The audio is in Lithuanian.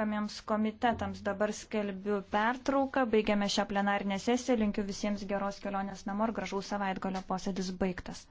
Kamiems komitetams dabar skelbiu pertrauką, baigiame šią plenarinę sesiją, linkiu visiems geros kelionės namo ir gražaus savaitgalio posėdis baigtas.